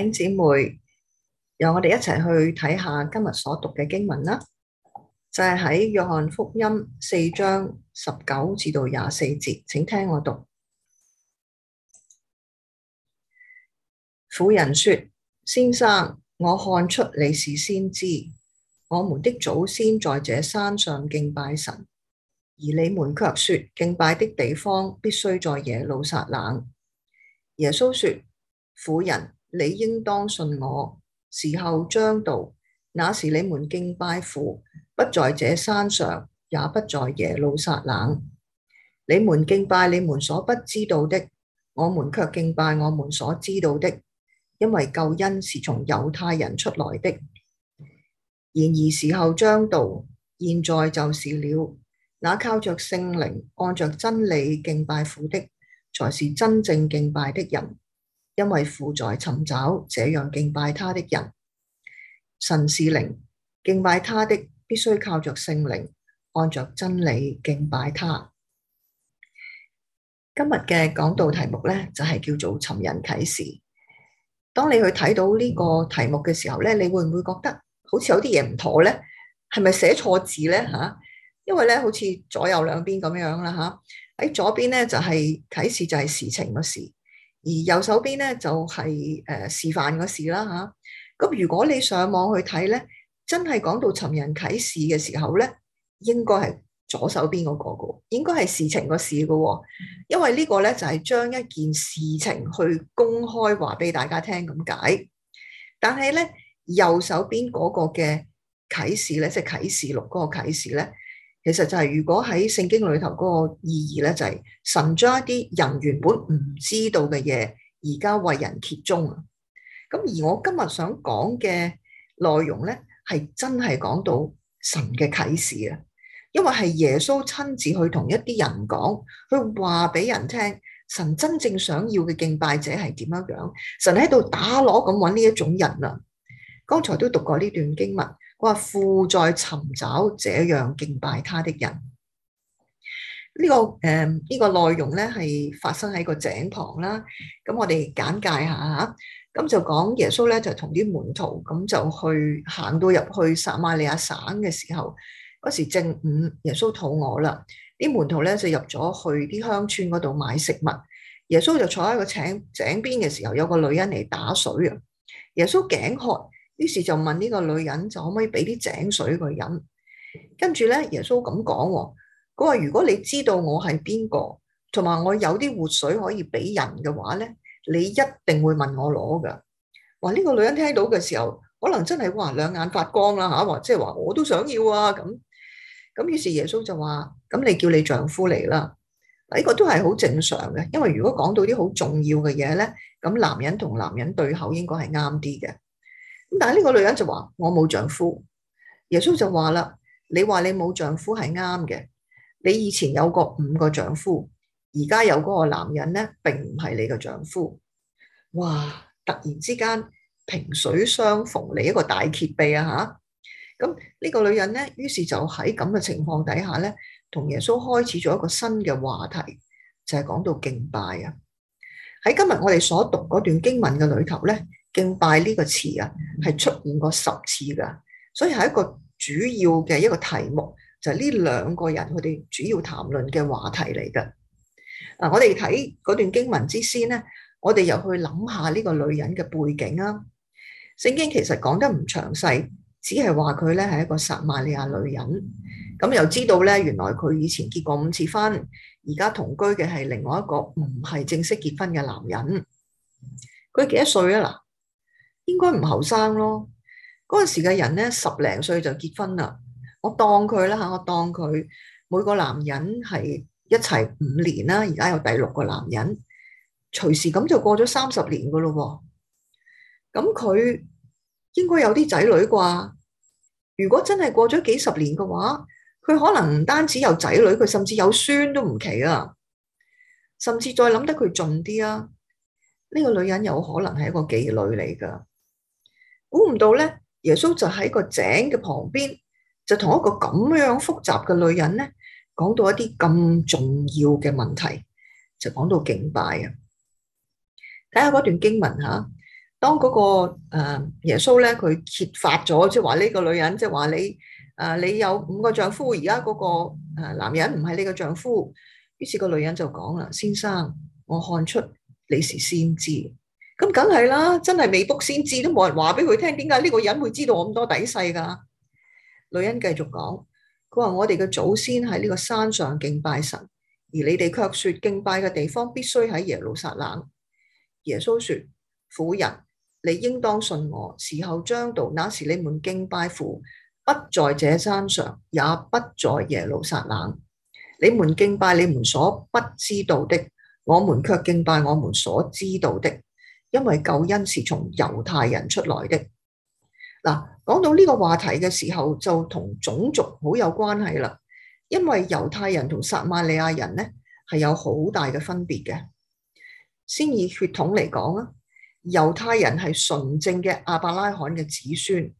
弟兄姊妹，由我哋一齊去睇下今日所讀嘅經文啦。就係喺約翰福音四章十九至到廿四節，請聽我讀。婦人說：「先生，我看出你是先知。我們的祖先在這山上敬拜神，而你們卻說敬拜的地方必須在耶路撒冷。耶穌說：「婦人。你應當信我，時候將到，那時你們敬拜父，不在這山上，也不在耶路撒冷。你們敬拜你們所不知道的，我們卻敬拜我們所知道的，因為救恩是從猶太人出來的。然而時候將到，現在就是了。那靠着聖靈、按着真理敬拜父的，才是真正敬拜的人。因為父在尋找這樣敬拜他的人，神是靈，敬拜他的必須靠着聖靈，按着真理敬拜他。今日嘅講道題目咧就係、是、叫做尋人啟示。當你去睇到呢個題目嘅時候咧，你會唔會覺得好似有啲嘢唔妥咧？係咪寫錯字咧？吓、啊，因為咧好似左右兩邊咁樣啦，吓、啊、喺左邊咧就係啟示，就係、是、事情嘅事。而右手邊咧就係、是、誒示範個示啦吓，咁、啊、如果你上網去睇咧，真係講到尋人啟事嘅時候咧，應該係左手邊嗰、那個噶，應該係事情個事噶、哦，因為個呢個咧就係、是、將一件事情去公開話俾大家聽咁解。但係咧右手邊嗰個嘅啟示咧，即係啟示錄嗰個啟示咧。其實就係如果喺聖經裏頭嗰個意義咧，就係、是、神將一啲人原本唔知道嘅嘢，而家為人揭盅啊。咁而我今日想講嘅內容咧，係真係講到神嘅啟示啊。因為係耶穌親自去同一啲人講，去話俾人聽，神真正想要嘅敬拜者係點樣樣。神喺度打鑼咁揾呢一種人啊。剛才都讀過呢段經文。我話父在尋找這樣敬拜他的人，呢個誒、呢個內容咧，係發生喺個井旁啦。咁我哋簡介下吓，咁就講耶穌咧就同啲門徒咁就去行到入去撒馬利亞省嘅時候，嗰時正午，耶穌肚餓啦，啲門徒咧就入咗去啲鄉村嗰度買食物。耶穌就坐喺個井井邊嘅時候，有個女人嚟打水啊。耶穌頸渴。於是就問呢個女人，就可唔可以俾啲井水佢飲？跟住咧，耶穌咁講，佢話：如果你知道我係邊個，同埋我有啲活水可以俾人嘅話咧，你一定會問我攞噶。話呢個女人聽到嘅時候，可能真係哇兩眼發光啦嚇，或即係話我都想要啊咁。咁於是耶穌就話：咁你叫你丈夫嚟啦。呢個都係好正常嘅，因為如果講到啲好重要嘅嘢咧，咁男人同男人對口應該係啱啲嘅。咁但係呢個女人就話我冇丈夫，耶穌就話啦，你話你冇丈夫係啱嘅，你以前有個五個丈夫，而家有嗰個男人咧，並唔係你個丈夫。哇！突然之間萍水相逢，你一個大揭秘啊吓！咁呢個女人咧，於是就喺咁嘅情況底下咧，同耶穌開始咗一個新嘅話題，就係講到敬拜啊。喺今日我哋所讀嗰段經文嘅裏頭咧。敬拜呢個詞啊，係出現過十次噶所以係一個主要嘅一個題目，就係、是、呢兩個人佢哋主要談論嘅話題嚟噶。嗱、啊，我哋睇嗰段經文之先咧，我哋又去諗下呢個女人嘅背景啊。聖經其實講得唔詳細，只係話佢咧係一個撒瑪利亞女人。咁又知道咧，原來佢以前結過五次婚，而家同居嘅係另外一個唔係正式結婚嘅男人。佢幾多歲啊？嗱。應該唔後生咯，嗰陣時嘅人咧，十零歲就結婚啦。我當佢啦吓，我當佢每個男人係一齊五年啦，而家有第六個男人，隨時咁就過咗三十年噶咯。咁佢應該有啲仔女啩？如果真係過咗幾十年嘅話，佢可能唔單止有仔女，佢甚至有孫都唔奇啊！甚至再諗得佢盡啲啊，呢個女人有可能係一個妓女嚟噶。估唔到咧，耶穌就喺個井嘅旁邊，就同一個咁樣複雜嘅女人咧，講到一啲咁重要嘅問題，就講到敬拜啊！睇下嗰段經文吓、啊，當嗰、嗰個誒、呃、耶穌咧，佢揭發咗，即係話呢個女人，即係話你誒、呃，你有五個丈夫，而家嗰個誒男人唔係你個丈夫，於是個女人就講啦：先生，我看出你是先知。咁梗係啦，真係未卜先知都冇人話俾佢聽。點解呢個人會知道我咁多底細㗎？女人繼續講：佢話我哋嘅祖先喺呢個山上敬拜神，而你哋卻説敬拜嘅地方必須喺耶路撒冷。耶穌説：婦人，你應當信我，時候將到，那時你們敬拜父，不在這山上，也不在耶路撒冷。你們敬拜你們所不知道的，我們卻敬拜我們所知道的。因為救恩是從猶太人出來的。嗱，講到呢個話題嘅時候，就同種族好有關係啦。因為猶太人同撒瑪利亞人咧，係有好大嘅分別嘅。先以血統嚟講啊，猶太人係純正嘅亞伯拉罕嘅子孫，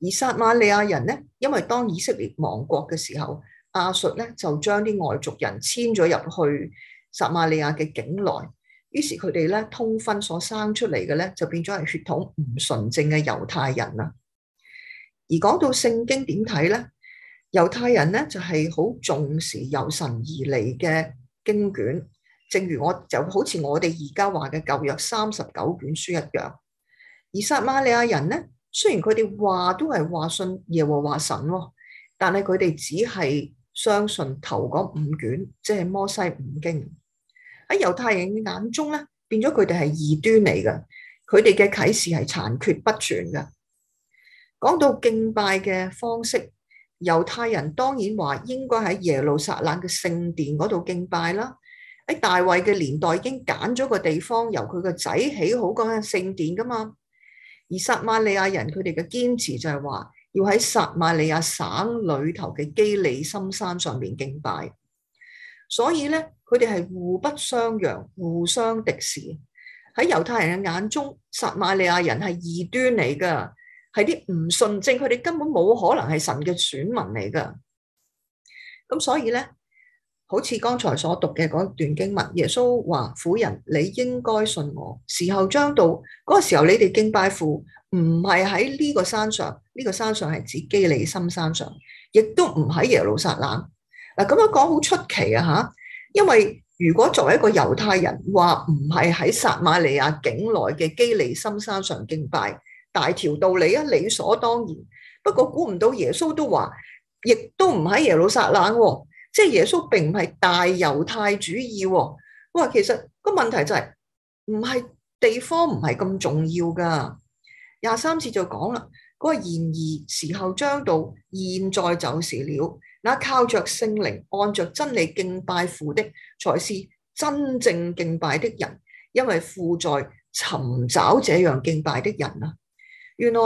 而撒瑪利亞人咧，因為當以色列亡國嘅時候，亞述咧就將啲外族人遷咗入去撒瑪利亞嘅境內。於是佢哋咧通婚，所生出嚟嘅咧，就變咗係血統唔純正嘅猶太人啦。而講到聖經點睇咧，猶太人咧就係、是、好重視由神而嚟嘅經卷，正如我就，就好似我哋而家話嘅舊約三十九卷書一樣。而撒瑪利亞人咧，雖然佢哋話都係話信耶和華神、哦，但係佢哋只係相信頭嗰五卷，即、就、係、是、摩西五經。喺猶太人眼中咧，變咗佢哋係異端嚟嘅。佢哋嘅啟示係殘缺不全嘅。講到敬拜嘅方式，猶太人當然話應該喺耶路撒冷嘅聖殿嗰度敬拜啦。喺大衛嘅年代已經揀咗個地方，由佢個仔起好嗰個聖殿㗎嘛。而撒瑪利亞人佢哋嘅堅持就係話，要喺撒瑪利亞省裏頭嘅基利心山上面敬拜。所以咧。佢哋係互不相讓，互相敵視。喺猶太人嘅眼中，撒瑪利亞人係異端嚟噶，係啲唔信正，佢哋根本冇可能係神嘅選民嚟噶。咁所以咧，好似剛才所讀嘅嗰段經文，耶穌話：，婦人，你應該信我。時候將到，嗰、那個時候你哋敬拜父，唔係喺呢個山上，呢、這個山上係指基利心山上，亦都唔喺耶路撒冷。嗱，咁樣講好出奇啊！吓。因為如果作為一個猶太人話唔係喺撒瑪利亞境內嘅基利心山上敬拜，大條道理啊，理所當然。不過估唔到耶穌都話，亦都唔喺耶路撒冷喎，即係耶穌並唔係大猶太主義喎。哇，其實個問題就係唔係地方唔係咁重要㗎。廿三次就講啦，嗰、那個然而時候將到，現在就是了。那靠着聖靈按着真理敬拜父的，才是真正敬拜的人。因為父在尋找這樣敬拜的人啊！原來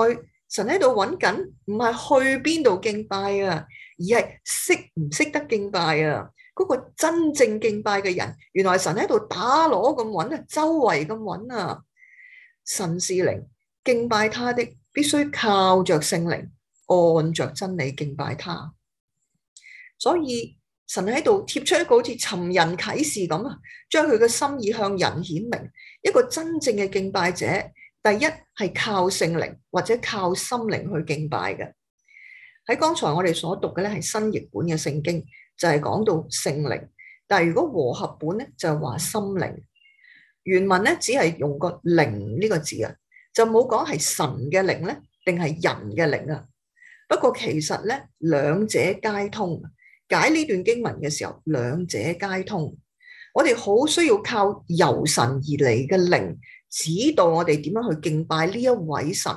神喺度揾緊，唔係去邊度敬拜啊，而係識唔識得敬拜啊？嗰、那個真正敬拜嘅人，原來神喺度打鑼咁揾啊，周圍咁揾啊！神是靈，敬拜他的必須靠着聖靈，按着真理敬拜他。所以神喺度貼出一個好似尋人啟示咁啊，將佢嘅心意向人顯明。一個真正嘅敬拜者，第一係靠聖靈或者靠心靈去敬拜嘅。喺剛才我哋所讀嘅咧係新譯本嘅聖經，就係講到聖靈。但係如果和合本咧就係話心靈原文咧只係用個靈呢個字啊，就冇講係神嘅靈咧，定係人嘅靈啊。不過其實咧兩者皆通。解呢段經文嘅時候，兩者皆通。我哋好需要靠由神而嚟嘅靈指導我哋點樣去敬拜呢一位神。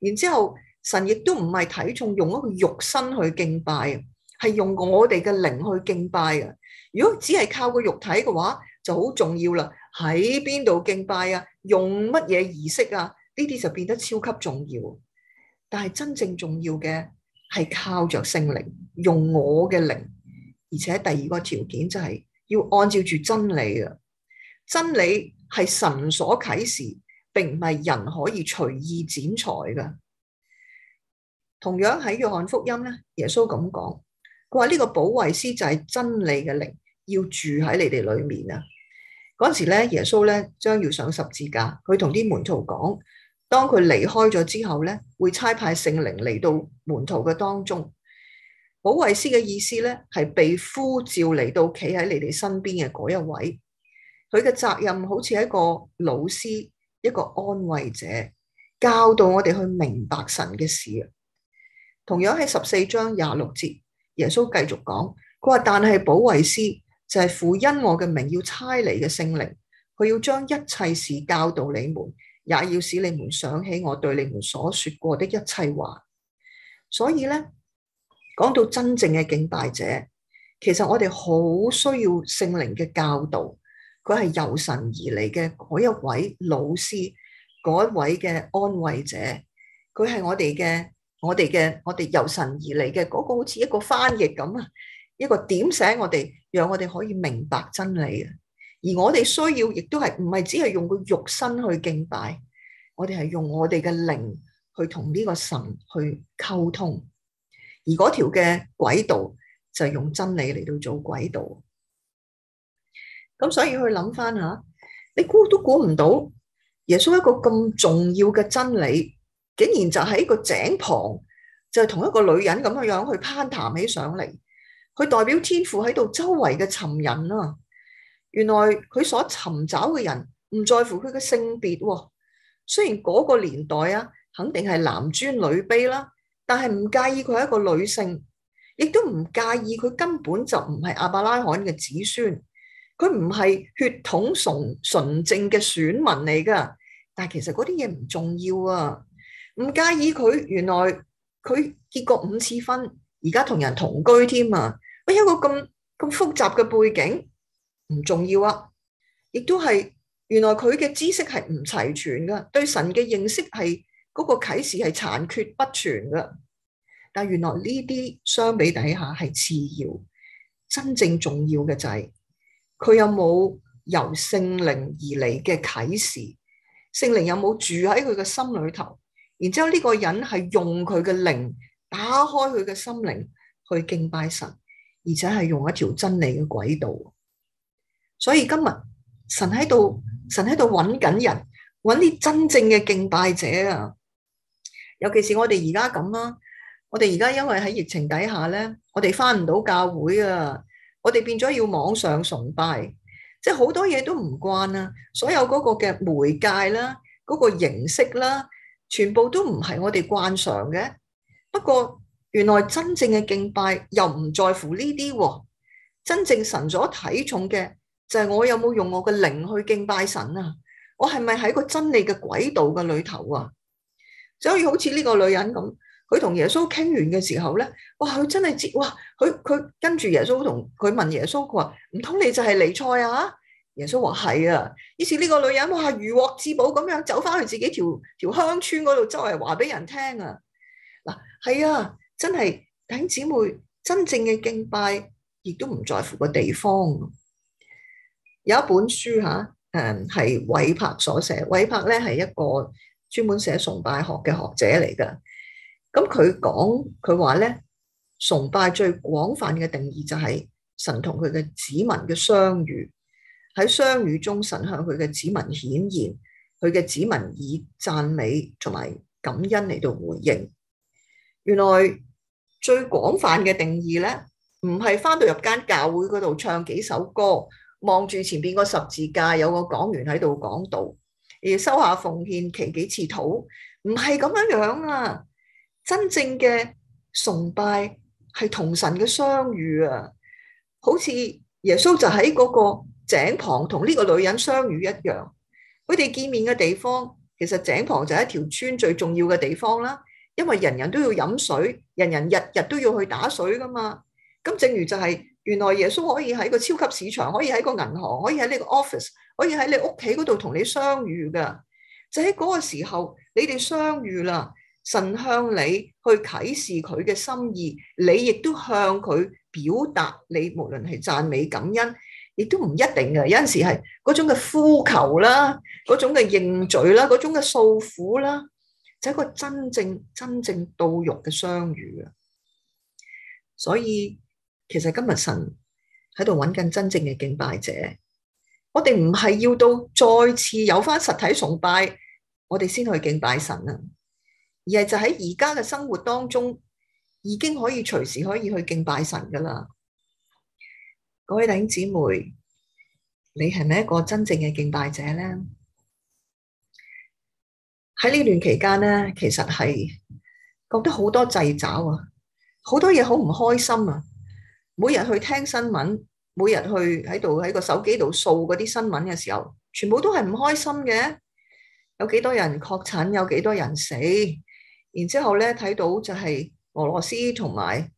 然之後神亦都唔係睇重用一個肉身去敬拜，係用我哋嘅靈去敬拜嘅。如果只係靠個肉體嘅話，就好重要啦。喺邊度敬拜啊？用乜嘢儀式啊？呢啲就變得超級重要。但係真正重要嘅。係靠着聖靈，用我嘅靈，而且第二個條件就係要按照住真理啊！真理係神所啟示，並唔係人可以隨意剪裁噶。同樣喺約翰福音咧，耶穌咁講，佢話呢個保惠師就係真理嘅靈，要住喺你哋裏面啊！嗰時咧，耶穌咧將要上十字架，佢同啲門徒講。當佢離開咗之後咧，會差派聖靈嚟到門徒嘅當中。保惠師嘅意思咧，係被呼召嚟到，企喺你哋身邊嘅嗰一位。佢嘅責任好似一個老師，一個安慰者，教導我哋去明白神嘅事。同樣喺十四章廿六節，耶穌繼續講，佢話但係保惠師就係父因我嘅名要差嚟嘅聖靈，佢要將一切事教導你們。也要使你們想起我對你們所說過的一切話。所以咧，講到真正嘅敬拜者，其實我哋好需要聖靈嘅教導。佢係由神而嚟嘅嗰一位老師，嗰一位嘅安慰者。佢係我哋嘅，我哋嘅，我哋由神而嚟嘅嗰個，好似一個翻譯咁啊，一個點醒我哋，讓我哋可以明白真理啊！而我哋需要，亦都係唔係只係用個肉身去敬拜，我哋係用我哋嘅靈去同呢個神去溝通，而嗰條嘅軌道就係用真理嚟到做軌道。咁所以去諗翻吓，你估都估唔到，耶穌一個咁重要嘅真理，竟然就喺個井旁，就係、是、同一個女人咁樣樣去攀談起上嚟，佢代表天父喺度周圍嘅尋人啦、啊。原來佢所尋找嘅人唔在乎佢嘅性別，哦，雖然嗰個年代啊，肯定係男尊女卑啦，但係唔介意佢係一個女性，亦都唔介意佢根本就唔係阿伯拉罕嘅子孫，佢唔係血統純純正嘅選民嚟噶。但係其實嗰啲嘢唔重要啊，唔介意佢原來佢結過五次婚，而家同人同居添啊，喂有個咁咁複雜嘅背景。唔重要啊！亦都係原來佢嘅知識係唔齊全噶，對神嘅認識係嗰、那個啟示係殘缺不全噶。但係原來呢啲相比底下係次要，真正重要嘅就係、是、佢有冇由聖靈而嚟嘅啟示，聖靈有冇住喺佢嘅心裏頭。然之後呢個人係用佢嘅靈打開佢嘅心靈去敬拜神，而且係用一條真理嘅軌道。所以今日神喺度，神喺度揾緊人，揾啲真正嘅敬拜者啊！尤其是我哋而家咁啦，我哋而家因為喺疫情底下咧，我哋翻唔到教會啊，我哋變咗要網上崇拜，即係好多嘢都唔慣啊。所有嗰個嘅媒介啦，嗰個形式啦，全部都唔係我哋慣常嘅。不過原來真正嘅敬拜又唔在乎呢啲，真正神所體重嘅。就係我有冇用我嘅靈去敬拜神啊？我係咪喺個真理嘅軌道嘅裏頭啊？所以好似呢個女人咁，佢同耶穌傾完嘅時候咧，哇！佢真係知，哇！佢佢跟住耶穌同佢問耶穌，佢話，唔通你就係尼賽啊？耶穌話係啊。於是呢個女人哇，如獲至寶咁樣走翻去自己條條鄉村嗰度周圍話俾人聽啊！嗱、啊，係啊，真係等姊妹真正嘅敬拜，亦都唔在乎個地方。有一本書吓，誒係韋柏所寫。韋柏咧係一個專門寫崇拜學嘅學者嚟噶。咁佢講佢話咧，崇拜最廣泛嘅定義就係神同佢嘅子民嘅相遇。喺相遇中，神向佢嘅子民顯現，佢嘅子民以讚美同埋感恩嚟到回應。原來最廣泛嘅定義咧，唔係翻到入間教會嗰度唱幾首歌。望住前面個十字架，有個講員喺度講道，而收下奉獻，祈幾次土，唔係咁樣樣啊！真正嘅崇拜係同神嘅相遇啊！好似耶穌就喺嗰個井旁同呢個女人相遇一樣，佢哋見面嘅地方，其實井旁就係一條村最重要嘅地方啦，因為人人都要飲水，人人日日都要去打水噶嘛。咁正如就係、是。原來耶穌可以喺個超級市場，可以喺個銀行，可以喺呢個 office，可以喺你屋企嗰度同你相遇嘅。就喺嗰個時候，你哋相遇啦。神向你去啟示佢嘅心意，你亦都向佢表達你無論係讚美感恩，亦都唔一定嘅。有陣時係嗰種嘅呼求啦，嗰種嘅認罪啦，嗰種嘅訴苦啦，就係一個真正真正到肉嘅相遇啊！所以。其實今日神喺度揾緊真正嘅敬拜者，我哋唔係要到再次有翻實體崇拜，我哋先去敬拜神啊，而係就喺而家嘅生活當中，已經可以隨時可以去敬拜神噶啦。各位弟兄姊妹，你係咪一個真正嘅敬拜者咧？喺呢段期間咧，其實係覺得好多掣肘啊，好多嘢好唔開心啊！每日去聽新聞，每日去喺度喺個手機度掃嗰啲新聞嘅時候，全部都係唔開心嘅。有幾多人確診，有幾多人死，然之後咧睇到就係俄羅斯同埋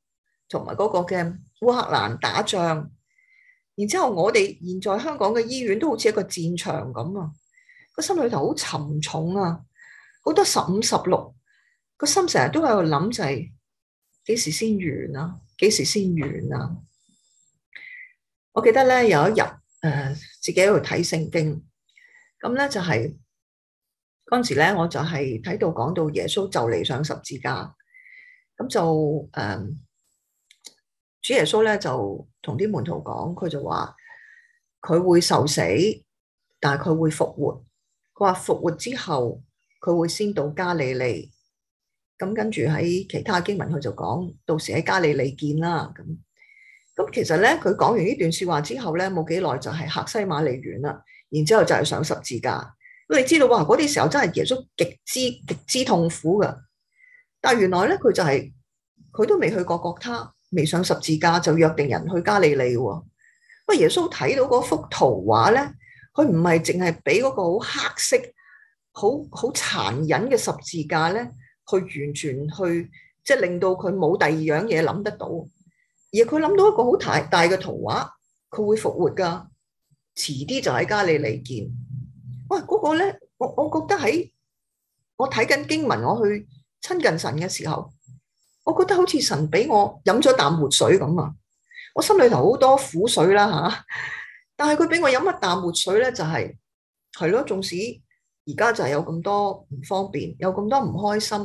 同埋嗰個嘅烏克蘭打仗，然之後我哋現在香港嘅醫院都好似一個戰場咁啊，個心裏頭好沉重啊，好多十五十六，個心成日都喺度諗就係幾時先完啊？幾時先完啊？我記得咧，有一日，誒、呃，自己喺度睇聖經，咁咧就係嗰陣時咧，我就係睇到講到耶穌就嚟上十字架，咁就誒、呃，主耶穌咧就同啲門徒講，佢就話佢會受死，但係佢會復活。佢話復活之後，佢會先到加利利。咁跟住喺其他經文，佢就講到時喺加利利見啦。咁咁其實咧，佢講完呢段説話之後咧，冇幾耐就係客西馬尼園啦。然之後就係上十字架。你知道哇，嗰啲時候真係耶穌極之極之痛苦噶。但係原來咧，佢就係、是、佢都未去過各他，未上十字架就約定人去加利利喎。不過耶穌睇到嗰幅圖畫咧，佢唔係淨係俾嗰個好黑色、好好殘忍嘅十字架咧。去完全去，即係令到佢冇第二樣嘢諗得到，而佢諗到一個好大大嘅圖畫，佢會復活噶，遲啲就喺加利利見。喂，嗰個咧，我我覺得喺我睇緊經文，我去親近神嘅時候，我覺得好似神俾我飲咗啖活水咁啊！我心裏頭好多苦水啦吓，啊，但係佢俾我飲一啖活水咧，就係係咯，縱使。而家就係有咁多唔方便，有咁多唔開心。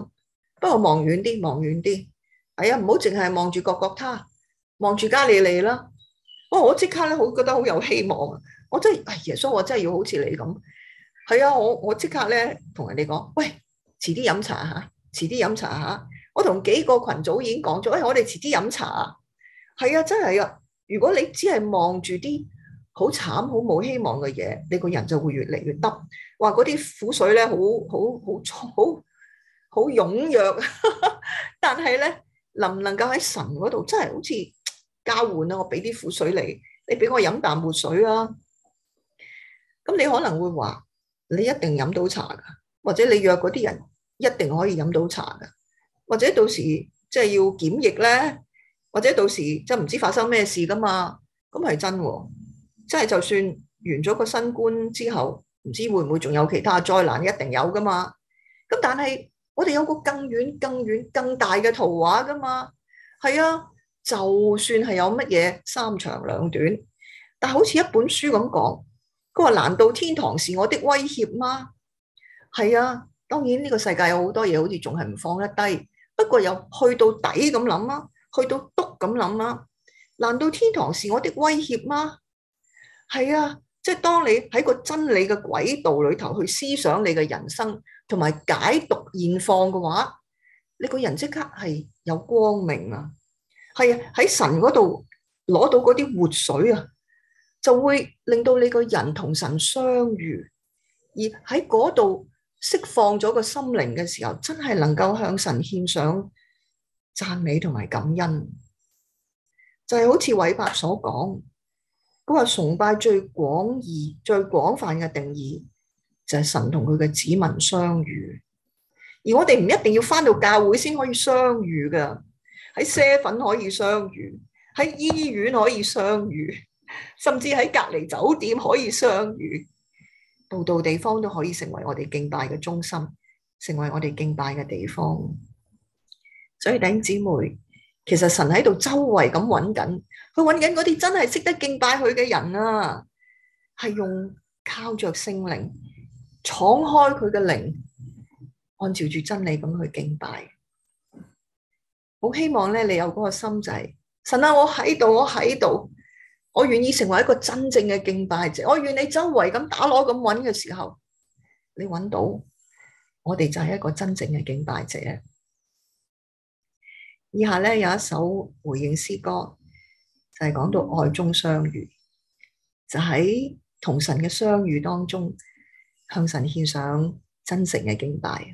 不過望遠啲，望遠啲。係、哎、啊，唔好淨係望住各各他，望住加利利啦。哦，我即刻咧，好覺得好有希望啊！我真係、哎，耶穌，我真係要好似你咁。係啊，我我即刻咧同人哋講，喂，遲啲飲茶吓，遲啲飲茶吓。我同幾個群組已經講咗，喂、哎，我哋遲啲飲茶啊。係啊，真係啊。如果你只係望住啲。好慘，好冇希望嘅嘢，你個人就會越嚟越耷。哇！嗰啲苦水咧，好好好衝，好好踴躍。 但係咧，能唔能夠喺神嗰度，真係好似交換啊？我俾啲苦水嚟，你俾我飲啖活水啊！咁你可能會話，你一定飲到茶㗎，或者你約嗰啲人一定可以飲到茶㗎，或者到時即係、就是、要檢疫咧，或者到時即係唔知發生咩事㗎嘛？咁係真喎、啊。即係就算完咗個新冠之後，唔知會唔會仲有其他災難，一定有噶嘛。咁但係我哋有個更遠、更遠、更大嘅圖畫噶嘛。係啊，就算係有乜嘢三長兩短，但係好似一本書咁講，佢話難道天堂是我的威脅嗎？係啊，當然呢個世界有好多嘢，好似仲係唔放得低。不過有去到底咁諗啦，去到篤咁諗啦，難道天堂是我的威脅嗎？係啊，即係當你喺個真理嘅軌道裏頭去思想你嘅人生，同埋解讀現況嘅話，你個人即刻係有光明啊！係啊，喺神嗰度攞到嗰啲活水啊，就會令到你個人同神相遇，而喺嗰度釋放咗個心靈嘅時候，真係能夠向神獻上讚美同埋感恩，就係、是、好似韋伯所講。佢話崇拜最廣義、最廣泛嘅定義，就係、是、神同佢嘅子民相遇。而我哋唔一定要返到教會先可以相遇㗎，喺啡粉可以相遇，喺醫院可以相遇，甚至喺隔離酒店可以相遇。到度地方都可以成為我哋敬拜嘅中心，成為我哋敬拜嘅地方。所以弟姊妹，其實神喺度周圍咁揾緊。佢揾緊嗰啲真係識得敬拜佢嘅人啊，係用靠着聖靈，敞開佢嘅靈，按照住真理咁去敬拜。好希望咧，你有嗰個心仔，就是，神啊，我喺度，我喺度，我願意成為一個真正嘅敬拜者。我願你周圍咁打鑼咁揾嘅時候，你揾到，我哋就係一個真正嘅敬拜者。以下咧有一首回應詩歌。就係講到愛中相遇，就喺、是、同神嘅相遇當中，向神獻上真誠嘅敬拜。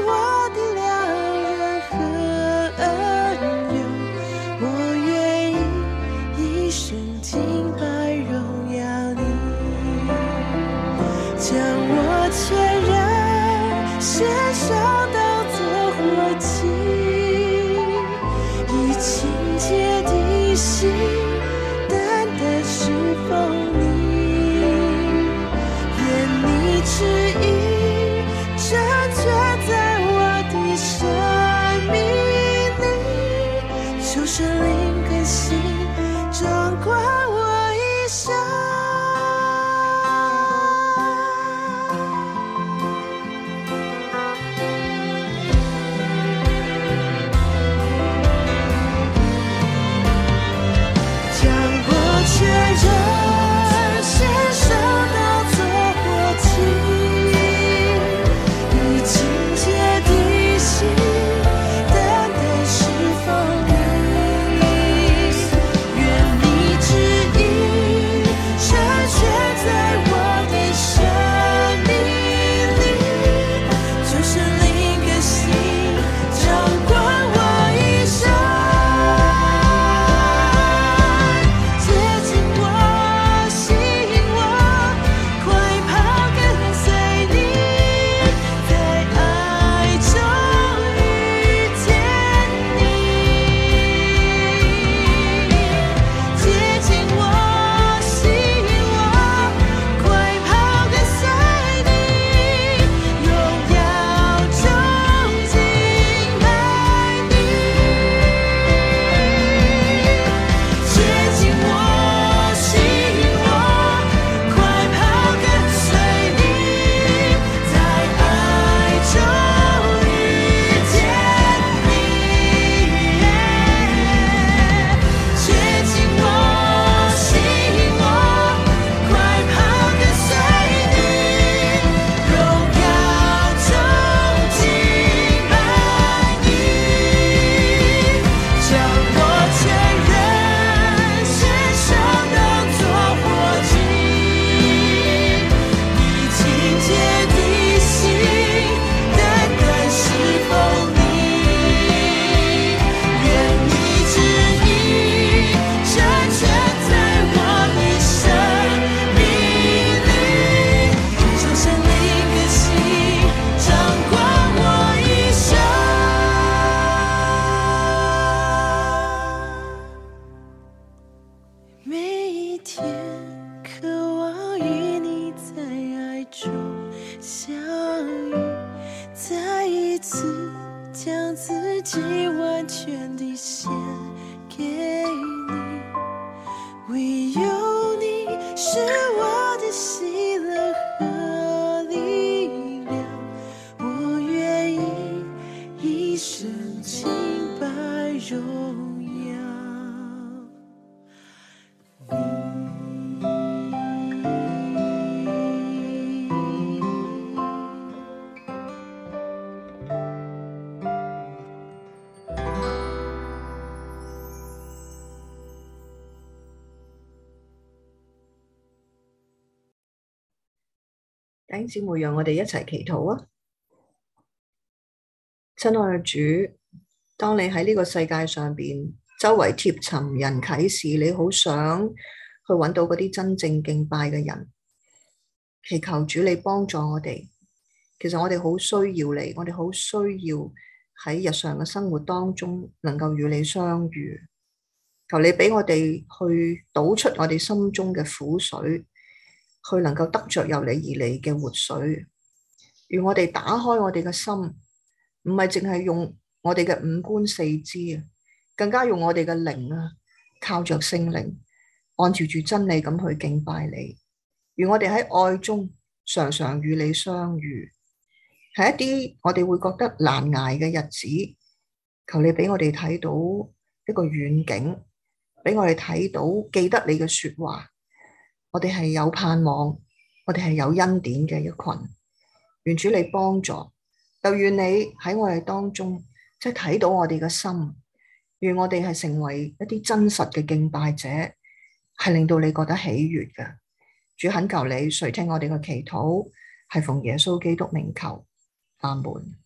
弟兄姊妹，讓我哋一齊祈禱啊！親愛嘅主，當你喺呢個世界上邊，周圍貼尋人啟示，你好想去揾到嗰啲真正敬拜嘅人，祈求主你幫助我哋。其實我哋好需要你，我哋好需要喺日常嘅生活當中能夠與你相遇。求你俾我哋去倒出我哋心中嘅苦水。佢能夠得着由你而嚟嘅活水。如我哋打開我哋嘅心，唔係淨係用我哋嘅五官四肢啊，更加用我哋嘅靈啊，靠着聖靈，按照住真理咁去敬拜你。如我哋喺愛中常常與你相遇，喺一啲我哋會覺得難捱嘅日子，求你俾我哋睇到一個遠景，俾我哋睇到記得你嘅說話。我哋係有盼望，我哋係有恩典嘅一群，願主你幫助，就願你喺我哋當中，即係睇到我哋嘅心，願我哋係成為一啲真實嘅敬拜者，係令到你覺得喜悅嘅。主懇求你垂聽我哋嘅祈禱，係奉耶穌基督名求，阿門。